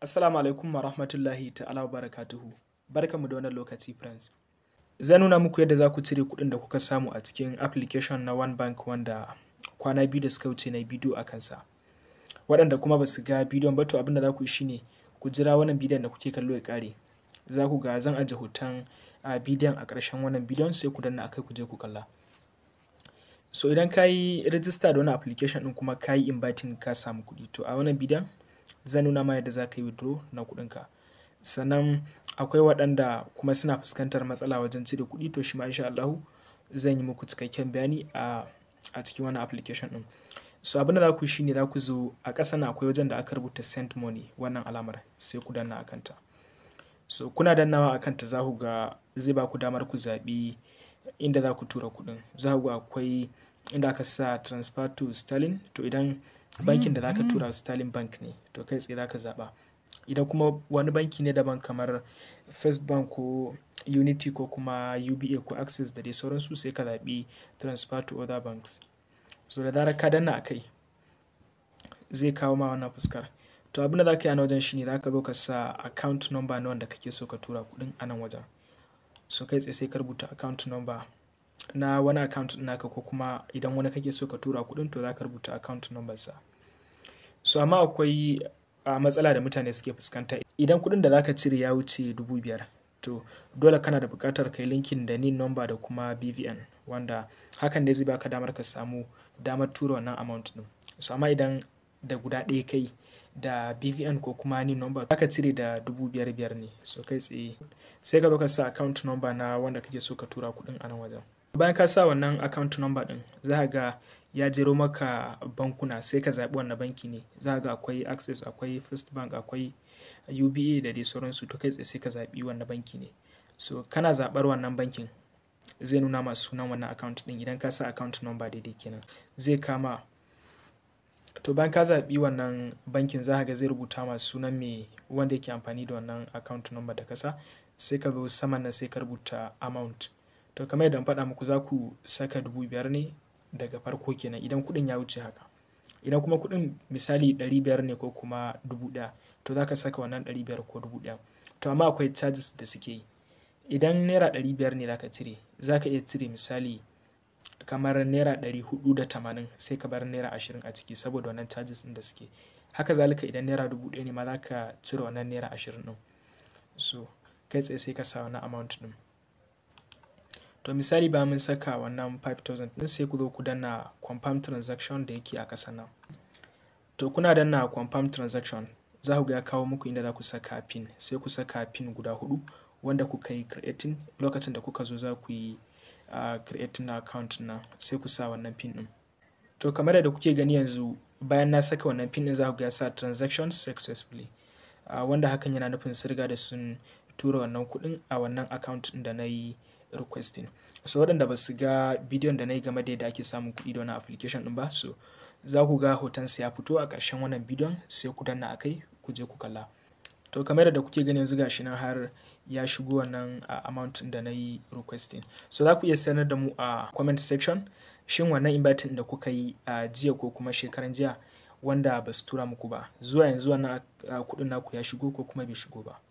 Assalamu alaikum wa rahmatullahi ta'ala wa barakatuhu. Barkanmu da wannan lokaci friends. Zan nuna muku yadda za ku cire kuɗin da kuka samu a cikin application na One Bank wanda kwana biyu da suka wuce na bidiyo a kansa. Waɗanda kuma ba su ga bidiyon ba to abin da za ku yi ne ku jira wannan bidiyon da kuke kallo ya ƙare. Za ku ga zan aje hoton a bidiyon a ƙarshen wannan bidiyon sai ku danna akai ku je ku kalla. So idan ka yi rijista da wani application ɗin kuma ka yi inviting ka samu kuɗi to a wannan bidiyon zan nuna ma yadda za ka yi withdraw na kuɗinka sannan akwai waɗanda kuma suna fuskantar matsala wajen cire kuɗi to shi ma insha Allahu zan yi muku cikakken bayani a a cikin wannan application ɗin so abin da za ku shi ne za ku zo a ƙasa na akwai wajen da aka rubuta send money wannan alamar sai ku danna akan ta so kuna dannawa akan ta za ku ga zai ba ku damar ku zaɓi inda za ku tura kuɗin za ku akwai inda aka sa transfer to sterling to idan bankin da zaka mm-hmm. tura Sterling Bank ne to kai tsaye zaka zaɓa. Idan kuma wani banki ne daban kamar First Bank ko Unity ko kuma UBA ko Access da dai sauransu sai ka zaɓi transfer to other banks. So da zarar ka danna a kai zai kawo ma wannan fuskar. To abin da zaka ka yi a nan wajen shine zaka zo ka sa account number na wanda kake so ka tura kuɗin a nan wajen. So kai tsaye sai ka rubuta account number. na wani account ɗin naka ko kuma idan wani kake so ka tura kuɗin to za ka rubuta account number sa so amma akwai a matsala da mutane suke fuskanta idan kuɗin da zaka cire ya wuce dubu biyar to dole kana da bukatar kai linkin da nin number da kuma bvn wanda hakan ne zai baka damar ka samu damar tura wannan amount ɗin so amma idan da guda ɗaya kai da bvn ko kuma ni number zaka cire da dubu ne so kai tsaye sai ka zo ka sa account number na wanda kake so ka tura kuɗin a nan wajen bayan ka sa wannan account number din za ga ya jero maka bankuna sai ka zaɓi wannan banki ne za ga akwai access akwai first bank akwai uba da dai sauransu to kai sai ka zaɓi wannan banki ne so kana zaɓar wannan bankin zai nuna masu sunan wannan account din idan ka sa account number daidai kenan zai kama to bayan ka zaɓi wannan bankin za ga zai rubuta masu sunan mai wanda yake amfani da wannan account number da ka sa sai ka zo saman nan sai ka rubuta amount to kamar yadda faɗa muku za ku saka dubu biyar ne daga farko kenan idan kuɗin ya wuce haka idan kuma kuɗin misali ɗari biyar ne ko kuma dubu ɗaya to za ka saka wannan ɗari biyar ko dubu ɗaya to amma akwai charges da suke yi idan naira ɗari biyar ne za ka cire za ka iya cire misali kamar naira ɗari hudu da tamanin sai ka bar naira ashirin a ciki saboda wannan charges ɗin da suke haka zalika idan naira dubu ɗaya ne ma za ka cire wannan naira ashirin ɗin so kai tsaye sai ka sa wannan amount ɗin to misali ba mun saka wannan 5000 din sai ku zo ku danna confirm transaction da yake a ƙasa nan to kuna danna confirm transaction za ku ga kawo muku inda za ku saka pin sai ku saka pin guda hudu wanda kuka yi creating lokacin da kuka zo za ku yi creating account na sai ku sa wannan pin din to kamar da kuke gani yanzu bayan na saka wannan pin din za ku ga sa transaction successfully uh, wanda hakan yana nufin sirga da sun tura wannan kuɗin a wannan account din da na yi requesting so waɗanda ba su ga bidiyon da na yi game da yadda ake samun kuɗi da wani application din ba so za ku ga hotonsa ya fito a ƙarshen wannan bidiyon sai ku danna kai ku je ku kalla to kamar da kuke gani yanzu gashi nan har ya shigo wannan uh, amount da na yi requesting so za ku iya sanar da mu a comment section shin wannan inviting da kuka yi a jiya ko kuma shekaran jiya wanda ba su tura muku ba zuwa yanzu wannan kuɗin naku ya shigo ko kuma bai shigo ba